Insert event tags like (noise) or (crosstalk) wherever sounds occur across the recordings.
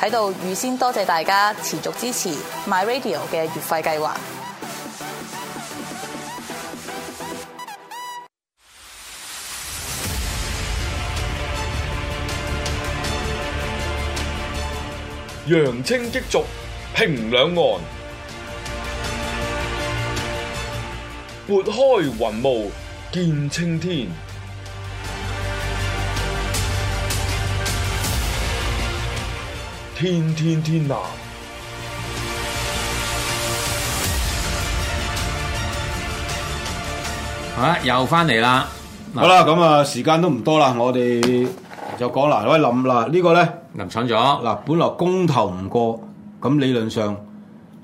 喺度預先多謝大家持續支持 MyRadio 嘅月費計劃。揚清激濁，平兩岸，撥開雲霧見青天。天天天藍，吓又翻嚟啦。好啦，咁啊，啊時間都唔多啦，我哋就講啦。喂，林嗱，這個、呢個咧，林昶佐嗱，本來公投唔過，咁理論上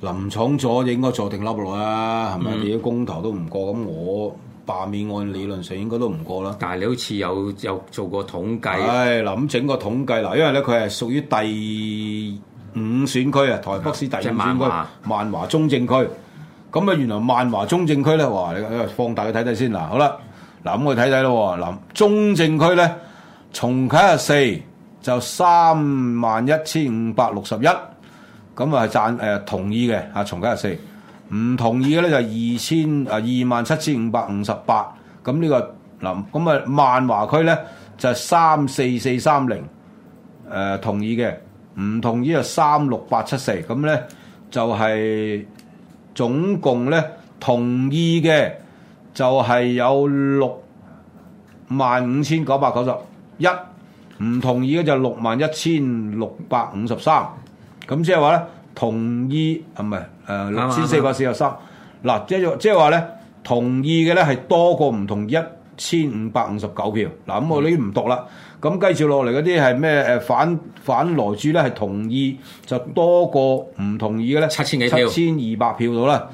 林昶佐應該坐定粒六啦，係咪？你啲公投都唔過，咁我。罷免案理論上應該都唔過啦，但係你好似有有做過統計，係嗱咁整個統計嗱，因為咧佢係屬於第五選區啊，台北市第五選區萬華中正區，咁啊原來萬華中正區咧，哇你放大去睇睇先嗱，好啦，嗱咁我睇睇咯嗱，中正區咧，重啟核四就三萬一千五百六十一，咁啊係贊誒同意嘅，啊重啟核四，唔同意嘅咧就二千啊二萬七千五百五十八，咁呢個嗱，咁啊萬華區咧就三四四三零，誒同意嘅，唔同意就三六八七四，咁咧就係總共咧同意嘅就係有六萬五千九百九十一，唔同意嘅就六萬一千六百五十三，咁即係話咧。同意唔係？誒兩千四百四十三，嗱即係即係話咧，同意嘅咧係多過唔同意一千五百五十九票，嗱、啊、咁、嗯嗯、我呢啲唔讀啦。咁、嗯、繼續落嚟嗰啲係咩？誒反反萊豬咧係同意就多過唔同意嘅咧，七千幾票，七千二百票到啦。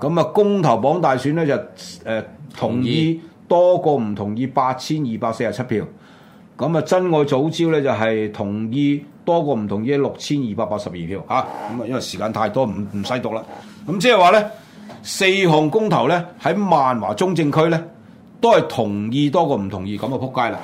咁啊公投綁大選咧就誒、呃、同，意 同意多過唔同意八千二百四十七票。咁啊珍愛藻礁咧就係、是、同意。多過唔同意六千二百八十二票嚇，咁啊、嗯、因為時間太多唔唔使讀啦。咁即係話咧，四項公投咧喺萬華、中正區咧，都係同意多過唔同意，咁啊撲街啦。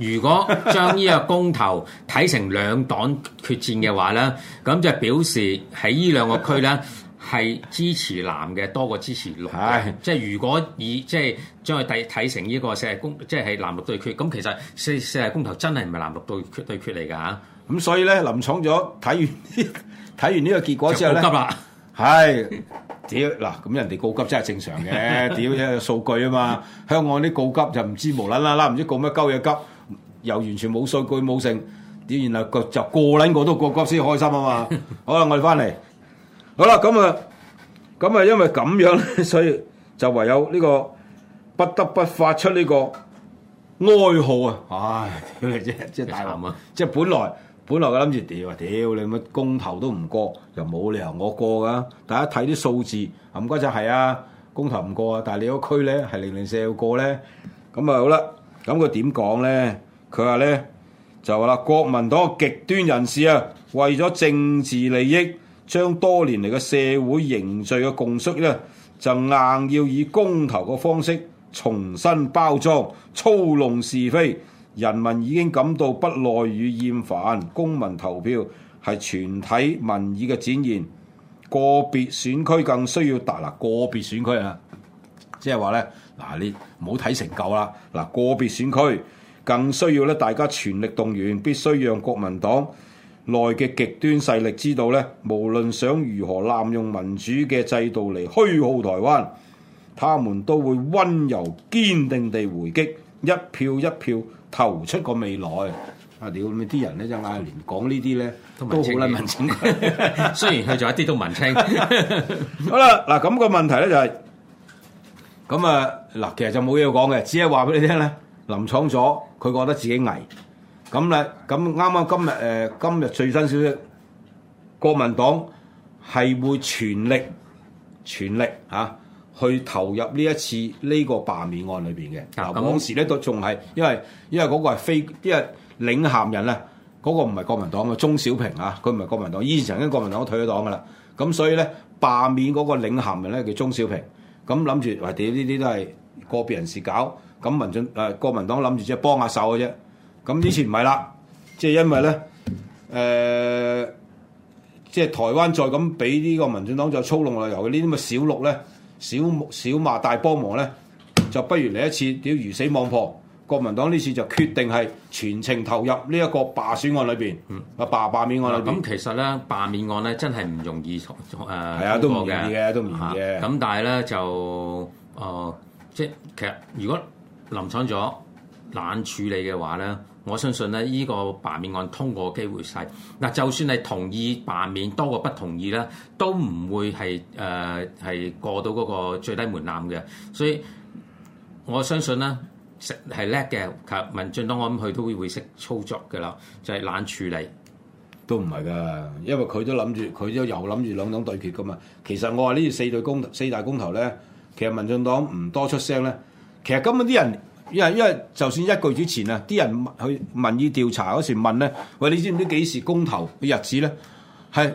嗱，如果將呢個公投睇成兩黨決戰嘅話咧，咁就表示喺呢兩個區咧係 (laughs) 支持藍嘅多過支持綠嘅。即係、 (laughs) 哎、如果以即係、就是、將佢第睇成呢個四日公即係係藍綠對決，咁其實四四項公投真係唔係藍綠對決對決嚟㗎嚇。咁所以咧，臨廠咗睇完啲睇完呢個結果之後咧，係屌嗱咁人哋告急真係正常嘅，屌啫，數據啊嘛！香港啲告急就唔知無撚啦，唔知告咩鳩嘢急，又完全冇數據冇剩，屌然後個就個撚個都告急先開心啊嘛！好啦，我哋翻嚟，好啦，咁啊，咁啊，因為咁樣咧，所以就唯有呢個不得不發出呢個哀號啊！唉，屌你啫，即係大難啊！即係本來。本來我諗住屌啊屌你乜公投都唔過，又冇理由我過噶。大家睇啲數字，唔該就係、是、啊，公投唔過啊，但係你嗰區咧係零零四要過咧，咁啊好啦，咁佢點講咧？佢話咧就話啦，國民黨極端人士啊，為咗政治利益，將多年嚟嘅社會凝聚嘅共識咧，就硬要以公投嘅方式重新包裝，操弄是非。人民已經感到不耐與厭煩，公民投票係全體民意嘅展現。個別選區更需要達嗱個別選區啊，即係話咧嗱，你唔好睇成舊啦嗱，個別選區更需要咧大家全力動員，必須讓國民黨內嘅極端勢力知道咧，無論想如何濫用民主嘅制度嚟虛耗台灣，他們都會溫柔堅定地回擊一票一票。投出個未來啊！屌咪啲人咧就嗌連講呢啲咧都好拉文青，雖然佢仲有一啲都文青。好啦，嗱咁個問題咧就係咁啊嗱，其實就冇嘢講嘅，只係話俾你聽咧。林昶佐，佢覺得自己危。咁咧咁啱啱今日誒今日最新消息，國民黨係會全力全力嚇，去投入呢一次呢個罷免案裏邊嘅，嗱當時咧都仲係因為因為嗰個係非因為領銜人咧嗰、嗰個唔係國民黨嘅，鍾小平啊，佢唔係國民黨，以前曾經國民黨退咗黨嘅啦，咁所以咧罷免嗰個領銜人咧叫鍾小平，咁諗住話屌呢啲都係個別人士搞，咁民進誒、呃、國民黨諗住即係幫下手嘅啫，咁呢次唔係啦，即係因為咧誒、呃，即係台灣再咁俾呢個民進黨再操弄下游，呢啲咁嘅小六咧。小小罵大幫忙咧，就不如嚟一次屌魚死網破。國民黨呢次就決定係全程投入呢一個罷選案裏邊，啊、嗯、罷罷免案裏邊、嗯。咁其實咧，罷免案咧真係唔容易，誒、呃，係啊，都唔容易嘅，啊、都唔容易嘅、啊。咁但係咧就，誒、呃，即係其實如果臨產咗。冷處理嘅話咧，我相信咧，呢個罷免案通過嘅機會細。嗱，就算係同意罷免多過不同意咧，都唔會係誒係過到嗰個最低門檻嘅。所以我相信咧，食係叻嘅，及民進黨我諗佢都會會識操作㗎啦。就係、是、冷處理都唔係㗎，因為佢都諗住，佢都又諗住兩種對決嘅嘛。其實我話呢啲四大公四大公投咧，其實民進黨唔多出聲咧。其實今日啲人。因為因為就算一個月前啊，啲人去民意調查嗰時問咧，喂，你知唔知幾時公投嘅日子咧？係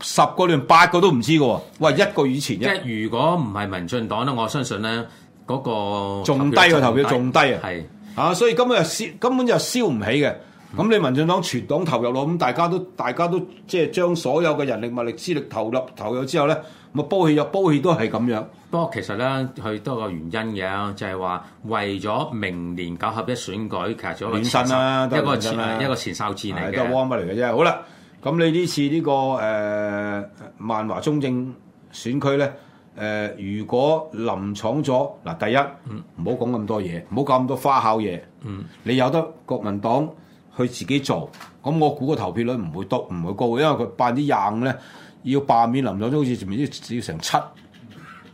十個裏八個都唔知嘅喎。喂，一個月前啫。如果唔係民進黨咧，我相信咧，嗰個仲低個投票仲低啊。係啊，所以今日根本就燒唔起嘅。咁、嗯、你民進黨全黨投入咯，咁大家都大家都即係將所有嘅人力物力資力投入投入之後咧，咪煲氣又煲氣都係咁樣。不過其實咧，佢多個原因嘅，就係、是、話為咗明年九合一選舉，其實一個暖身啦、啊，身啊、一個前、啊、一個前一個前哨戰嚟嘅，warm up 嚟嘅啫。好啦，咁你呢次呢、這個誒、呃、萬華中正選區咧，誒、呃、如果臨闖咗嗱，第一唔好講咁多嘢，唔好咁多花巧嘢、嗯，你有得國民黨。佢自己做，咁我估個投票率唔會多，唔會高，因為佢辦啲廿五咧，要罷免林卓都好似前面啲，只要成七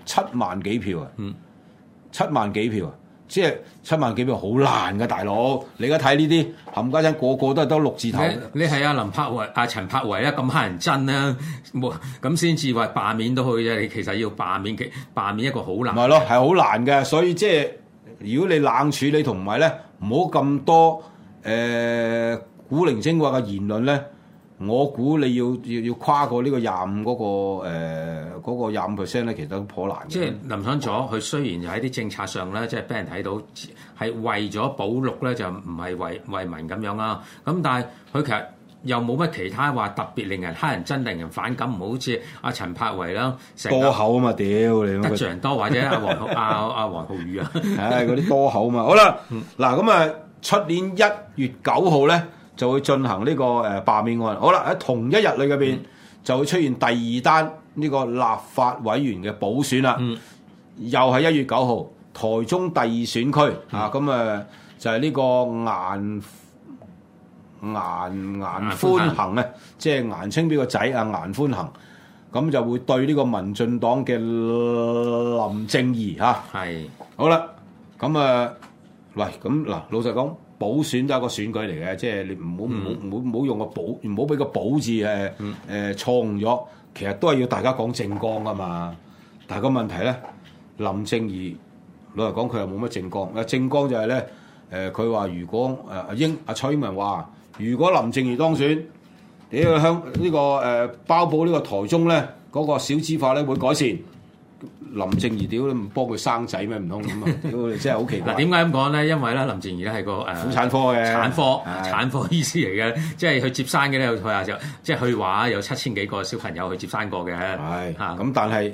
七萬幾票啊，七萬幾票啊、嗯，即係七萬幾票好難嘅大佬。你而家睇呢啲冚家鏟個個都係得六字頭。你係啊，林柏惟、阿陳柏惟啊，咁乞人憎啊。冇咁先至話罷免到佢啫。你其實要罷免嘅，罷免一個好難。係咯，係好難嘅，所以即係如果你冷處理同埋咧，唔好咁多，誒古靈精怪嘅嘅言論咧，我估你要要要跨過個、那個呃那個、呢個廿五嗰個誒廿五 percent 咧，其實都頗難。即係林昶佐佢雖然喺啲政策上咧，即係俾人睇到係為咗保綠咧，就唔、是、係為為，為民咁樣啦、啊。咁但係佢其實又冇乜其他話特別令人黑人，憎令人反感，唔好似阿、啊、陳柏惟啦，個多口 (laughs) 啊嘛屌你，得罪人多或者阿王阿阿王浩宇啊、 (laughs) (laughs) 哎，唉嗰啲多口啊嘛，好啦，嗱咁啊～出年一月九號咧就會進行呢、這個誒罷免案，好啦，喺同一日裏邊、嗯、就會出現第二單呢個立法委員嘅補選啦，嗯、又係一月九號，台中第二選區、嗯、啊，咁、嗯、誒就係、是、呢個顏顏顏寬恆咧，即係顏清標個仔啊，顏寬恆，咁就會對呢個民進黨嘅林靜儀嚇，係、啊、的好啦，咁、嗯、誒。嗯喂，咁嗱，老實講，補選都係一個選舉嚟嘅，即係你唔好唔好唔好唔好用個補，唔好俾個補字誒誒、呃、錯誤咗。其實都係要大家講政綱啊嘛。但係個問題咧，林靜儀老實講，佢又冇乜政綱。嗱，政綱就係咧誒，佢話如果誒阿、啊、英阿、啊、蔡英文話，如果林靜儀當選，呢、這個香呢個誒包保呢個台中咧，嗰、那個小資化咧會改善。林靜儀屌你唔幫佢生仔咩？唔通咁啊？屌你真係好奇怪！點解咁講咧？因為咧，林靜儀咧係個誒婦產科嘅產科產科醫師嚟嘅，即係佢接生嘅咧。佢下就即係佢話有七千幾個小朋友去接生過嘅。係嚇，咁但係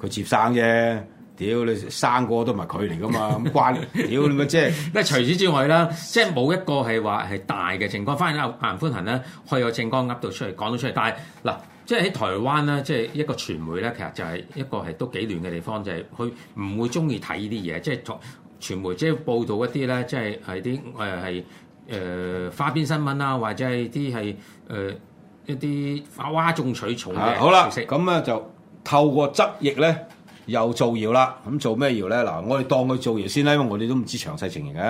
佢接生啫。屌你生個都唔係佢嚟噶嘛？咁關屌你咪即係。嗱，除此之外啦，即係冇一個係話係大嘅情況。反而咧顏寬恒咧，去個政綱噏到出嚟，講到出嚟。但係嗱。即係喺台灣咧，即係一個傳媒咧，其實就係一個係都幾亂嘅地方，就係佢唔會鍾意睇呢啲嘢，即係傳媒即係報導一啲咧，即係係啲誒係誒花邊新聞啦，或者係啲係誒一啲、呃、嘩眾取寵嘅、啊。好啦，咁咧懂就透過質疑咧又造謠啦，咁做咩謠咧？嗱，我哋當佢造謠先啦，因為我哋都唔知詳細情形嘅。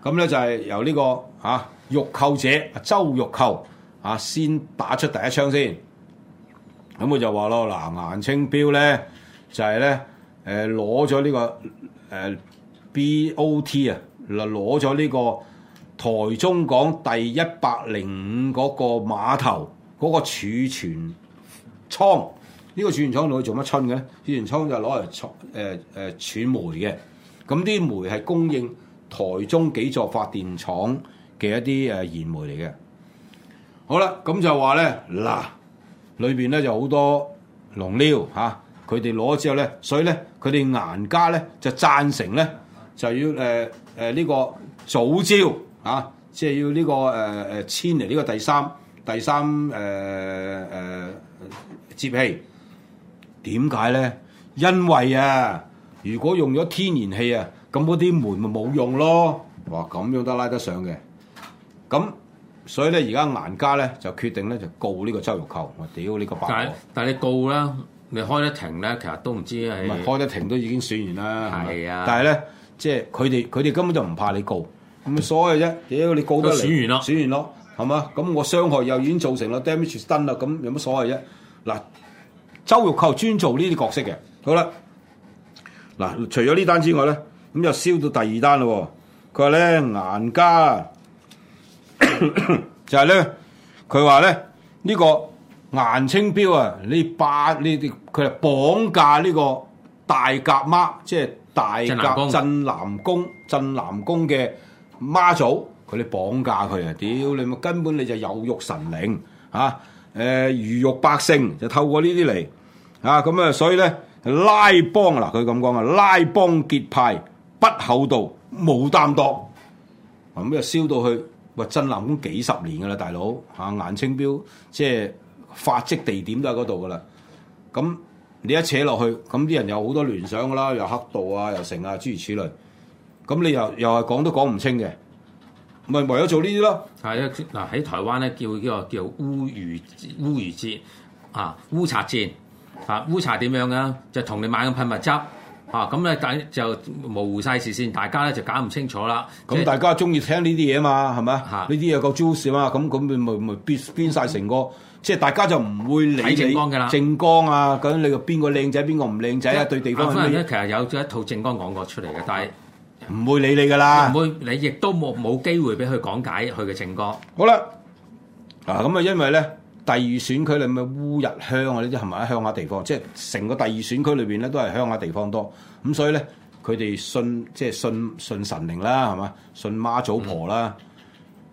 咁咧、嗯、就係由呢、這個嚇、啊、玉蔻者周玉蔻啊，先打出第一槍先。咁佢就話咯，嗱，顏青標咧就係咧誒攞咗呢個誒 BOT 啊，嗱攞咗呢、就是呢呃這個呃 OT，啊、個台中港第一百零五嗰個碼頭嗰、那個儲存倉，呢、這個儲存倉攞去做乜春嘅？儲存倉就係攞嚟誒誒儲煤嘅，咁啲煤係供應台中幾座發電廠嘅一啲誒燃煤嚟嘅。好啦，咁就話咧嗱。啊裏邊咧就好多農料嚇，佢哋攞咗之後咧，所以咧佢哋顏家咧就贊成咧，就要誒誒呢個藻礁嚇、啊，即係要呢、這個誒誒遷嚟呢個第三第三誒誒、呃呃、接氣。點解咧？因為啊，如果用咗天然氣啊，咁嗰啲門咪冇用咯。哇！咁樣都拉得上嘅，咁。所以咧，而家顏家咧就決定咧就告呢個周玉蔻。我屌呢個白！但係，但你告啦，你開得停咧，其實都唔知係。唔開得庭都已經選完啦。係啊。但係咧，即係佢哋佢哋根本就唔怕你告，咁乜所謂啫？屌、嗯、你告得嚟。都選完咯，選完咯，係嘛？咁我傷害又已經造成啦，damage done 啦，咁有乜所謂啫？嗱，周玉蔻專做呢啲角色嘅。好啦，嗱，除咗呢單之外咧，咁就燒到第二單咯。佢話咧，顏家。 (coughs) 就係、是、咧，佢話咧呢、這個顏清標啊，呢八呢啲佢係綁架呢個大甲媽，即係大甲鎮南宮鎮南宮嘅媽祖，佢哋綁架佢啊！屌你咪根本你就有辱神靈啊！誒，魚肉百姓就透過呢啲嚟啊！咁啊，所以咧拉幫嗱，佢咁講啊，拉幫結派，不厚道，冇擔當，咁啊，燒到去。喂，鎮瀾宮幾十年噶啦，大佬嚇，顏清標即係發跡地點都喺嗰度噶啦。咁你一扯落去，咁啲人有好多聯想噶啦，又黑道啊，又成啊，諸如此類。咁你又又係講都講唔清嘅，咪唯有做呢啲咯。係啊，嗱，喺台灣咧叫呢個叫，叫烏魚烏魚節啊，烏茶節啊，烏茶點樣啊？就同你買個噴墨汁。啊，咁咧就模糊晒視線，大家咧就搞唔清楚啦。咁大家中意聽呢啲嘢嘛，係咪吧？嚇，呢啲又夠招事嘛。咁咁咪咪編編曬成個，嗯、即係大家就唔會理政綱嘅、啊、啦。政綱啊，究竟你個邊個靚仔，邊個唔靚仔啊？對地方。咧，其實有咗一套政綱講過出嚟嘅，但係唔會理你噶啦。唔會理理，你亦都冇冇機會俾佢講解佢嘅政綱。好啦，啊咁啊，因為咧。第二選區咧，咩烏日鄉是是鄉啊？呢啲係咪喺鄉下地方？即係成個第二選區裏邊咧，都係鄉下地方多。咁所以咧，佢哋信即係信信神靈啦，係嘛？信媽祖婆啦。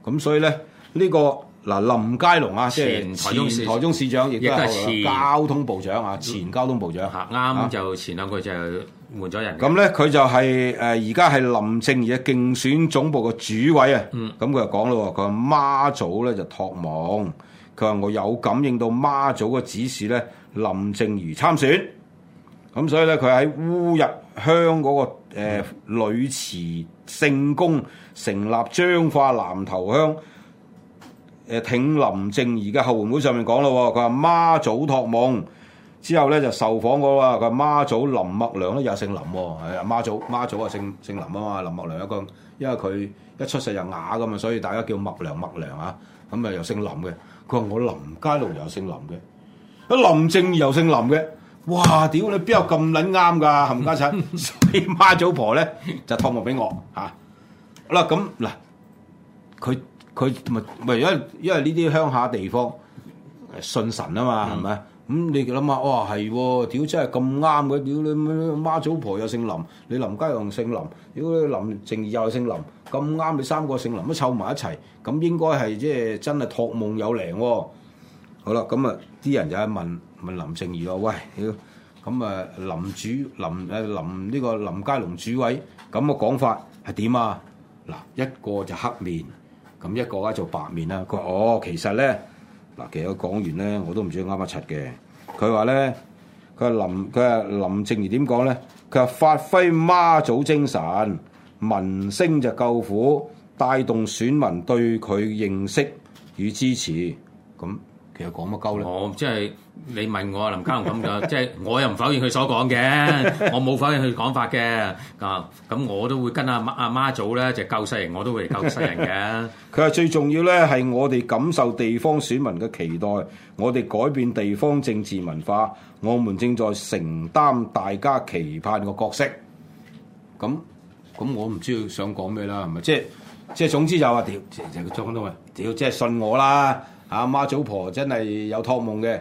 咁、嗯、所以咧，呢、這個嗱林佳龍啊，即係前，前台中市長，亦都係前交通部長啊，嗯、前交通部長。嚇啱、嗯啊、就前兩個就換咗人。咁咧、嗯，佢就係誒而家係林靜儀嘅競選總部嘅主委啊。咁佢就講啦，佢媽祖咧就托夢。佢話：我有感應到媽祖嘅指示咧，林靜儀參選，咁所以咧，佢喺烏日鄉嗰個女裏祠聖宮成立彰化南投鄉誒、呃、挺林靜儀嘅後援會上面講咯。佢話媽祖託夢之後咧，就受訪嗰個佢話媽祖林默娘咧，又姓林喎。嗯、啊，媽祖媽祖啊，姓姓林啊嘛，林默娘一個，因為佢，一出世就啞㗎嘛，所以大家叫麥良麥良啊，咁、嗯、啊又姓林嘅。佢話我林佳龍又姓林嘅，阿林正又姓林嘅。哇！屌你邊有咁撚啱噶？冚家鏟，你、啊、賊 (laughs) 所以媽祖婆咧就託夢俾我嚇。好、啊、啦，咁、嗯、嗱，佢佢咪咪因因為呢啲鄉下地方信神啊嘛，係、嗯、咪咁、嗯、你諗下，哇係喎，屌真係咁啱嘅，屌你媽祖婆又姓林，你林佳龍姓林，屌你林靜儀又姓林，咁啱你三個姓林都湊埋一齊，咁應該係即係真係託夢有靈喎、哦。好啦，咁啊啲人就係問問林靜儀話喂，屌咁啊林主林誒林呢個林佳龍主委咁嘅講法係點啊？嗱一個就黑面，咁一個咧就白面啦。佢話哦其實咧。嗱，其實講完咧，我都唔知啱唔啱柒嘅。佢話咧，佢話林佢話林靜儀點講咧？佢話發揮媽祖精神，聞聲就救苦，帶動選民對佢認識與支持咁。其實講乜鳩咧？我即係你問我啊，林佳龍咁噶，即係我又唔否認佢所講嘅，我冇否認佢講法嘅。啊，咁我都會跟阿阿媽祖咧，就救世人，我都會嚟救世人嘅。佢話最重要咧，係我哋感受地方選民嘅期待，我哋改變地方政治文化，我們正在承擔大家期盼嘅角色。咁咁，我唔知佢想講咩啦，係咪？即係即係總之就話屌，就就佢裝咗咪屌，即係信我啦。阿媽祖婆真係有託夢嘅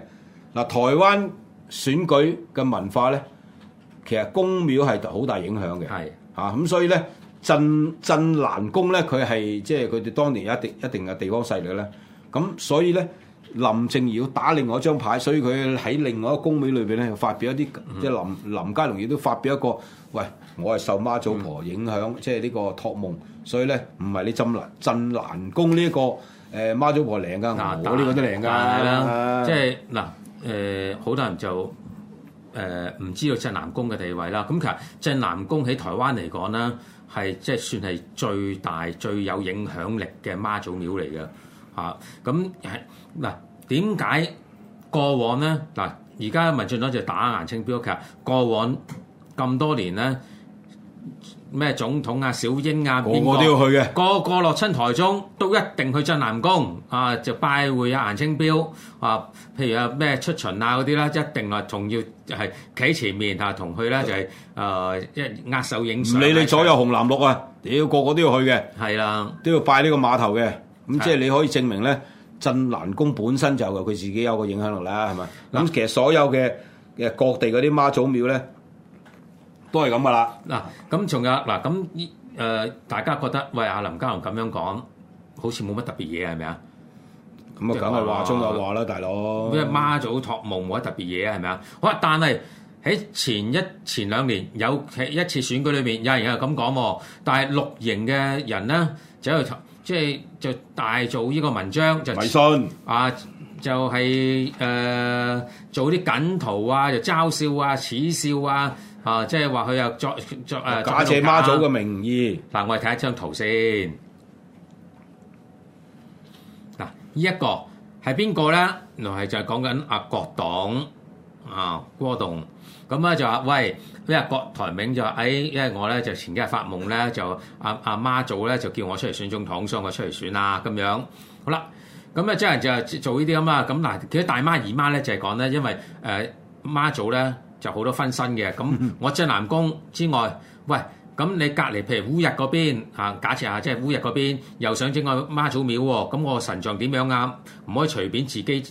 嗱，台灣選舉嘅文化咧，其實宮廟係好大影響嘅。係啊，咁，所以咧，鎮鎮瀾宮咧，佢係即係佢哋當年有一定一定嘅地方勢力咧。咁所以咧，林佳龍要打另外一張牌，所以佢喺另外一個宮廟裏邊咧，發表一啲即係林林佳龍亦都發表一個，喂，我係受媽祖婆影響，即係呢個託夢，所以咧唔係你浸瀾鎮瀾宮呢一個。誒媽祖婆靚噶，啊、我呢個都靚噶，即係嗱誒，好、啊就是啊呃、多人就誒唔、呃、知道鎮南宮嘅地位啦。咁、嗯、其實鎮南宮喺台灣嚟講咧，係即係算係最大最有影響力嘅媽祖廟嚟嘅嚇。咁係嗱，點、嗯、解、啊、過往咧嗱？而、啊、家民進黨就打顏清標，其實過往咁多年咧。咩總統啊、小英啊，個，個個都要去嘅。個個落親台中都一定去鎮南宮啊，就拜會啊顏清標啊。譬如啊咩出巡啊嗰啲啦，一定啊仲要係企前面嚇同佢啦，啊、就係誒即係握手影。唔、呃、理你左右紅藍綠啊，屌、啊、個個都要去嘅。係啦的，都要拜呢個碼頭嘅。咁即係你可以證明咧，鎮南宮本身就佢自己有個影響力啦，係咪？咁其實所有嘅嘅各地嗰啲媽祖廟咧。都係咁噶啦，嗱咁仲有嗱咁，誒、啊呃、大家覺得喂阿林佳龍咁樣講，好似冇乜特別嘢係咪啊？咁啊梗係話中有話啦，大佬咩媽祖託夢冇乜特別嘢啊，係咪啊？好！但係喺前一前兩年有一次選舉裏面，有人又咁講，但係綠營嘅人咧就喺度即係就，就大做呢個文章，就迷信啊，就係、是、誒、呃、做啲梗圖啊，就嘲笑啊，恥笑啊。啊，即係話佢又作作誒，假借、啊、媽祖嘅名義。嗱、啊，我哋睇一張圖先。嗱、啊，呢一個係邊個咧？原來係就係講緊阿郭董啊，郭董咁啊就話，喂，佢阿郭台銘就喺、哎，因為我咧就前幾日發夢咧，就阿阿、啊、媽祖咧就叫我出嚟選總統，所以我出嚟選啊咁樣。好啦，咁啊即係就做呢啲咁啊。咁、嗯、嗱、啊啊，其實大媽姨媽咧就係講咧，因為誒、啊、媽祖咧。啊啊啊就好多分身嘅，咁我鎮南宮之外，喂，咁你隔離譬如烏日嗰邊，假設下即係烏日嗰邊，又想整個媽祖廟喎，咁我神像點樣啱、啊？唔可以隨便自己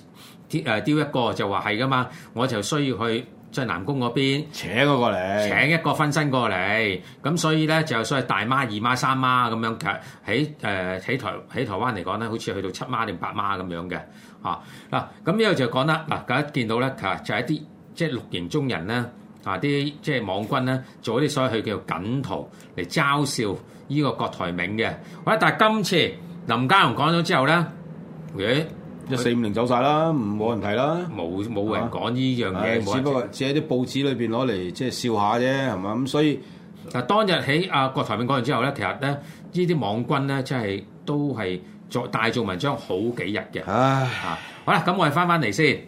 誒雕一個就話係噶嘛？我就需要去鎮南宮嗰邊請個過嚟，請一個分身過嚟，咁所以咧就所謂大媽、二媽、三媽咁樣，其實喺誒喺台喺台灣嚟講咧，好似去到七媽定八媽咁樣嘅，嚇、啊、嗱，咁呢個就講得，嗱，大家見到咧其實就係一啲。即係綠營中人咧，啊啲即係網軍咧，做啲所謂佢叫做梗圖嚟嘲笑依個郭台銘嘅。喂，但係今次林佳龍講咗之後咧，OK，一四五零走曬啦，唔冇人睇啦，冇冇人講依樣嘢，只不過只係啲報紙裏邊攞嚟即係笑下啫，係嘛？咁所以嗱，當日起啊郭台銘講完之後咧，其實咧依啲網軍咧真係都係做大做文章好幾日嘅。嚇，好啦，咁我哋返返嚟先，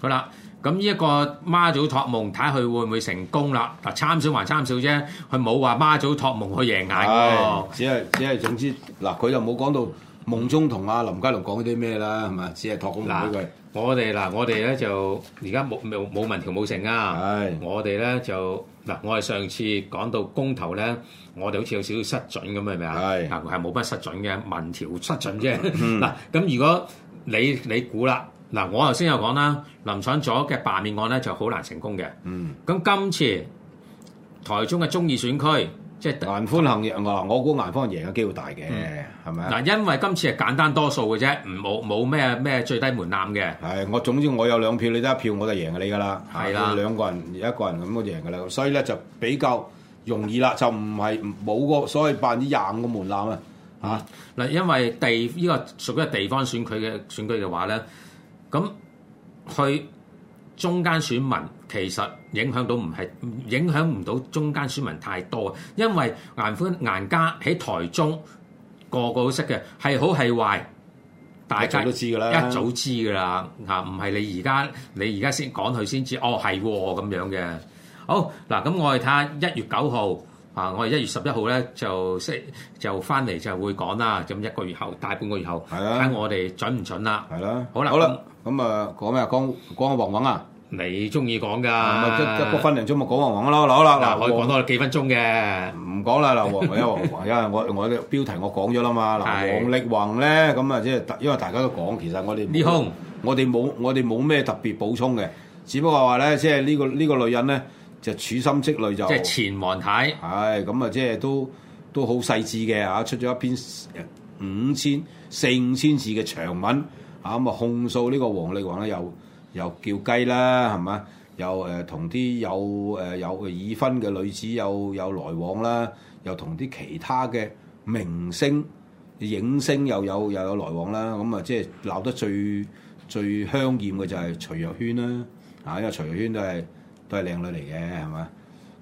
好啦。咁呢一個媽祖託夢睇下佢會唔會成功啦？嗱，參少還參少啫，佢冇話媽祖託夢去贏眼㗎、哦啊。只係只係總之，嗱，佢就冇講到夢中同阿林嘉龍講啲咩啦，係嘛？只係託夢呢句。我哋嗱，我哋咧就而家冇冇冇民調冇成啊。是我哋咧就嗱我哋上次講到公投咧，我哋好似有少少失準咁係咪啊？係，但係冇乜失準嘅，民調失準啫。嗱咁、嗯、 (laughs) 如果你你估啦。嗱，我頭先又講啦，臨產咗嘅罷免案咧就好難成功嘅。嗯。咁今次台中嘅中二選區，即係顏寬行贏我，我估顏寬行贏嘅機會大嘅，係咪、嗯？嗱吧，因為今次係簡單多數嘅啫，唔冇冇咩咩最低門檻嘅。係我總之我有兩票，你得一票，我就贏你㗎啦。係啦、啊。兩個人，一個人咁我就贏㗎啦，所以咧就比較容易啦，就唔係冇個所謂百分之廿五嘅門檻啊。嚇嗱、嗯，因為地呢個屬於地方選舉嘅選舉嘅話咧。咁去中間選民，其實影響到唔係影響唔到中間選民太多，因為顏寬顏家喺台中個個都識嘅，係好係壞，大家都知㗎啦，一早知㗎啦嚇，唔係你而家你而家先講佢先知哦係咁樣嘅。好嗱，咁我哋睇下一月九號。啊！我係一月十一號咧，就識就翻嚟就會講啦。咁一個月後，大半個月後，睇我哋準唔準、啊、啦。係啦。好啦。好啦。咁啊，講咩啊？講講黃宏啊！你中意講㗎。咁分兩種，講黃宏啦，好啦。嗱，可以講多幾分鐘嘅。唔講啦，嗱，因為黃宏，因為我我啲標題我講咗啦嘛。嗱，王力宏咧，咁啊，即係因為大家都講，其實我哋呢空，我哋冇我哋冇咩特別補充嘅，只不過話咧，即係呢個呢、呢個女人咧。就處心積慮就即係前王太。係咁啊！即係都都好細緻嘅嚇，出咗一篇五千四五千字嘅長文嚇，咁啊控訴呢個王力宏咧，又又叫雞啦，係咪？又誒同啲有誒、呃、有，有已婚嘅女子有有來往啦，又同啲其他嘅明星影星又有又有，有來往啦。咁啊，即係鬧得最最香豔嘅就係徐若瑄啦嚇、啊，因為徐若瑄都係。都係靚女嚟嘅，係嘛？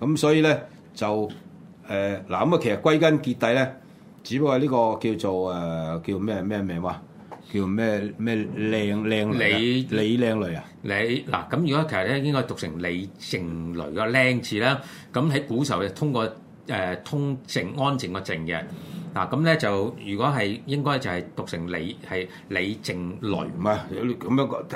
咁所以咧就誒嗱，咁、呃、啊其實歸根結底咧，只不過係呢個叫做誒叫咩咩名話，叫咩咩靚靚女李靚女啊？李，嗱咁如果其實咧應該讀成李靜蕾嗰靚字啦，咁喺古時候就通過。誒通靜安靜個靜嘅。嗱咁咧就如果係應該就係讀成李係李靜蕾嘛，咁樣個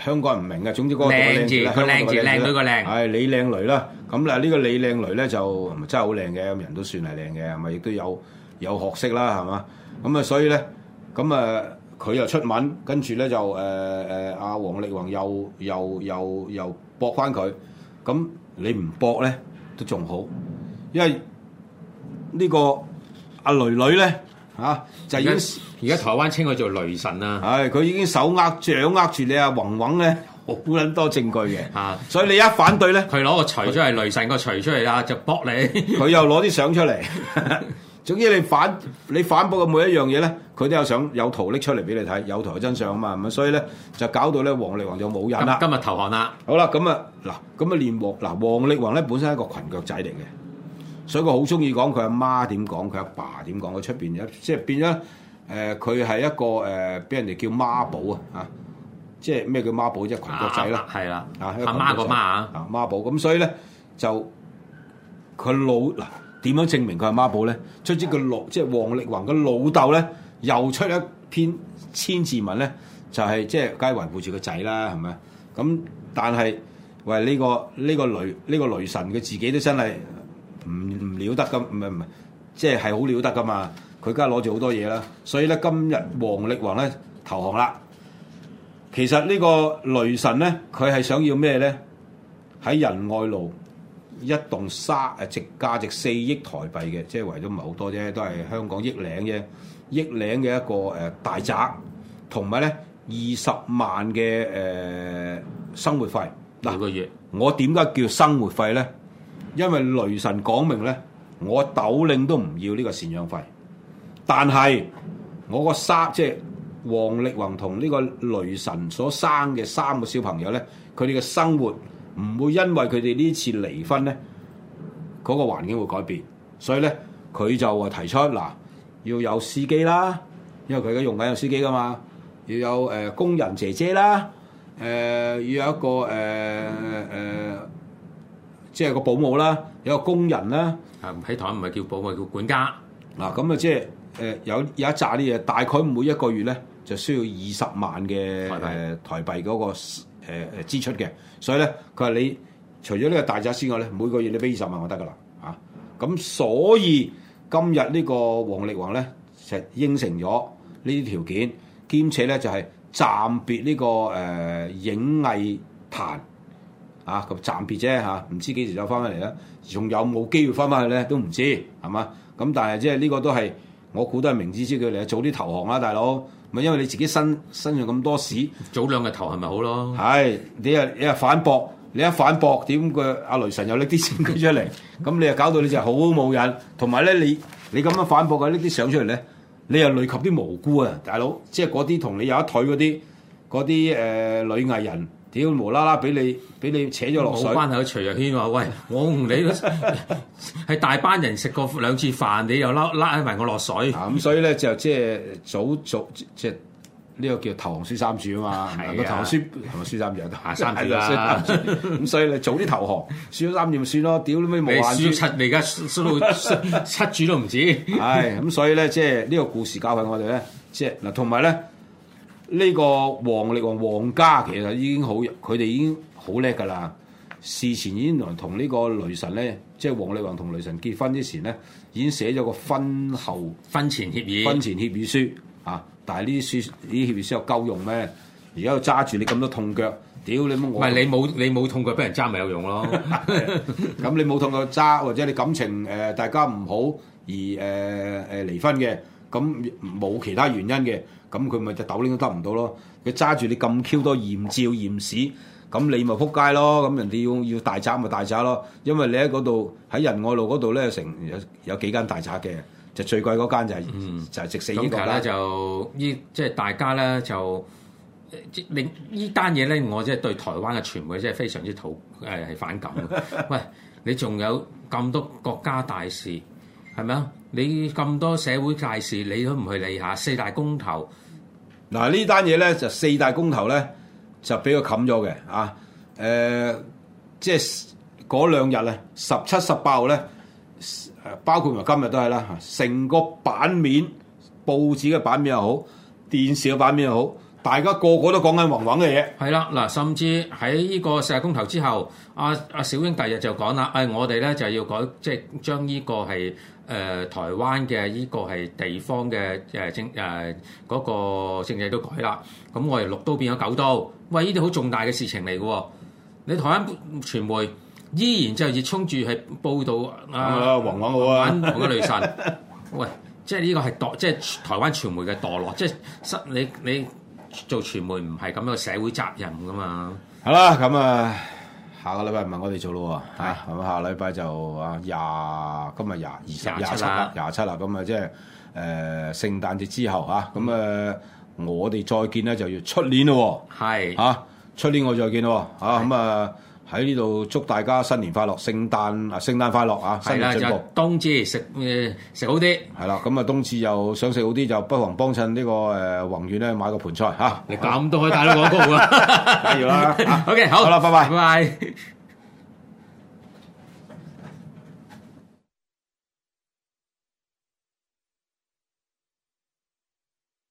香港人唔明嘅。總之嗰個靚字，個靚字靚女個靚，係李靚蕾啦。咁嗱呢個李靚蕾咧就咪真係好靚嘅，咁人都算係靚嘅，咪亦都有有學識啦，係嘛？咁啊所以咧，咁啊佢又出文，跟住咧就誒誒阿王力宏又又又又駁翻佢。咁你唔駁咧都仲好，因為呢、這個阿雷雷咧嚇、啊，就已經而家台灣稱佢做雷神啦、啊。係佢、哎、已經手握掌握住你阿、啊、宏宏咧，我估撚多證據嘅。啊，所以你一反對咧，佢攞個錘出嚟，它雷神個錘出嚟啊，就搏你。佢 (laughs) 又攞啲相出嚟。 (laughs) 總之你反你反駁嘅每一樣嘢咧，佢都有相有圖拎出嚟俾你睇，有圖真相啊嘛。咁所以咧就搞到咧，王力宏就冇人啦。今日投降啦。好啦，咁啊嗱，咁啊連王嗱王力宏咧本身一個裙腳仔嚟嘅。所以佢好中意講佢阿媽點講，佢阿爸點講，佢出邊一即係變咗誒，佢、呃、係一個誒，俾、呃、人哋叫媽寶啊嚇，即係咩叫媽寶啫，裙腳仔啦，係啦，啊，阿媽個、啊啊啊、媽啊，啊媽寶咁，所以咧就佢老嗱點、啊、樣證明佢係媽寶咧？出係佢老即係王力宏嘅老豆咧，又出一篇千字文咧，就係、是、即係皆維護住個仔啦，係咪？咁但係喂，呢、呢個呢、呢個雷呢、呢個雷、呢個呢個、神佢自己都真係。唔唔了得㗎唔係唔係，即係係好了得噶嘛？佢而家攞住好多嘢啦，所以咧今日王力宏咧投降啦。其實呢個雷神咧，佢係想要咩咧？喺仁愛路一棟沙誒值價值四億台幣嘅，即係為咗唔係好多啫，都係香港億領嘅，億領嘅一個誒大宅，同埋咧二十萬嘅誒、呃、生活費嗱，我點解叫生活費咧？因為雷神講明咧，我斗零都唔要呢個贍養費，但係我個三即係王力宏同呢個雷神所生嘅三個小朋友咧，佢哋嘅生活唔會因為佢哋呢次離婚咧嗰、那個環境會改變，所以咧佢就話提出嗱要有司機啦，因為佢而家用緊有司機噶嘛，要有誒、呃、工人姐姐啦，誒、呃、要有一個誒誒。呃呃呃即係個保姆啦，有個工人啦，喺台灣唔係叫保姆叫管家嗱，咁啊即係誒、呃、有有一紮啲嘢，大概每一個月咧就需要二十萬嘅的、呃、台幣嗰、那個誒、呃、支出嘅，所以咧佢話你除咗呢個大宅之外咧，每個月你俾二十萬我得噶啦啊，咁所以今日呢個王力宏咧就應承咗呢啲條件，兼且咧就係、是、暫別呢、這個誒、呃、影藝壇。啊，咁暫別啫嚇，唔、啊、知幾時就翻返嚟啦。仲有冇機會翻返去咧都唔知，係嘛？咁但係即係呢個都係我估都係明知之嘅，你早啲投降啦，大佬。咪，因為你自己身身上咁多屎，早兩日投係咪好咯？係你啊，你啊反駁，你一反駁點個阿雷神又搦啲相佢出嚟，咁你又搞到你就好冇癮。同埋咧，你你咁樣反駁佢搦啲相出嚟咧，你又累及啲無辜啊，大佬！即係嗰啲同你有一腿嗰啲嗰啲誒女藝人。屌，無啦啦俾你俾你扯咗落水，冇關頭。徐若瑄話：喂，我唔理啦。係 (laughs) 大班人食過兩次飯，你又撈拉埋我落水。咁所以咧就即係早早即係呢個叫投降輸三注啊嘛。個、啊、投降投降輸三注得三注啦。咁 (laughs) 所以你早啲投降，輸無無輸咗三注咪算咯。屌你咪冇啦啦輸七，而家輸到七注都唔止。 (laughs) (laughs) (laughs) 係、嗯、咁，所以咧即係呢個故事教緊我哋咧，即係嗱同埋咧。呢個王力宏、王家其實已經好，佢哋已經好叻㗎啦。事前已經同呢個雷神咧，即係王力宏同雷神結婚之前咧，已經寫咗個婚後婚前協議婚前協議書啊！但係呢啲書呢啲協議書有夠用咩？而家又揸住你咁多痛腳，屌、呃、你我唔係你冇你冇痛腳，俾人揸咪有用咯？咁、 (laughs) 嗯、 (laughs) 你冇痛腳揸，或者你感情誒、呃、大家唔好而誒誒、呃呃、離婚嘅，咁冇其他原因嘅。咁佢咪就斗零都得唔到咯？佢揸住你咁 Q 多艷照鹽屎，咁你咪撲街咯！咁人哋要要大宅咪大宅咯，因為你喺嗰度喺仁愛路嗰度咧，成有有幾間大宅嘅，就最貴嗰間就係、是嗯、就係值四億嗰間。咧、嗯、就依即係大家咧就，令呢單嘢咧，我即係對台灣嘅傳媒真係非常之討誒係反感。 (laughs) 喂，你仲有咁多國家大事係咪啊？你咁多社會大事你都唔去理下四大公投？嗱，呢單嘢咧就四大公投咧就俾佢冚咗嘅啊。誒、呃、即係嗰兩日咧，十七十八號咧，誒包括埋今日都係啦吓，成個版面報紙嘅版面又好，電視嘅版面又好。大家個個都講緊揾揾嘅嘢，係啦嗱，甚至喺呢個四大公投之後，阿阿小英第日就講啦，誒，我哋咧就要改，即係將呢個係誒台灣嘅依個係地方嘅誒政誒嗰個政制都改啦。咁我哋六都變咗九都，喂，呢啲好重大嘅事情嚟嘅喎。你台灣傳媒依然就熱衷住係報道啊，揾揾好啊，揾揾女神。喂，即係呢個係墮，即係台灣傳媒嘅墮落，即係失你你。做傳媒唔係咁嘅社會責任噶嘛？係啦，咁啊，下個禮拜唔係我哋做咯喎，嚇咁是、啊、下禮拜就啊廿今日廿二,二十廿七廿七啦，咁啊即係誒聖誕節之後嚇、啊，咁啊、嗯、啊，我哋再見咧就要出年咯喎、啊，係出是、啊、年我再見喎嚇咁啊！是啊嗯啊喺呢度祝大家新年快樂，聖誕啊聖誕快樂啊，新年進步。冬至食誒食好啲，係啦，咁啊冬至又想食好啲，就不妨幫襯、這個呃、呢個誒宏遠咧買個盤菜嚇。啊、你咁這都、啊、可以帶到廣告啊，加油啦。OK，好，好啦，拜拜，拜拜。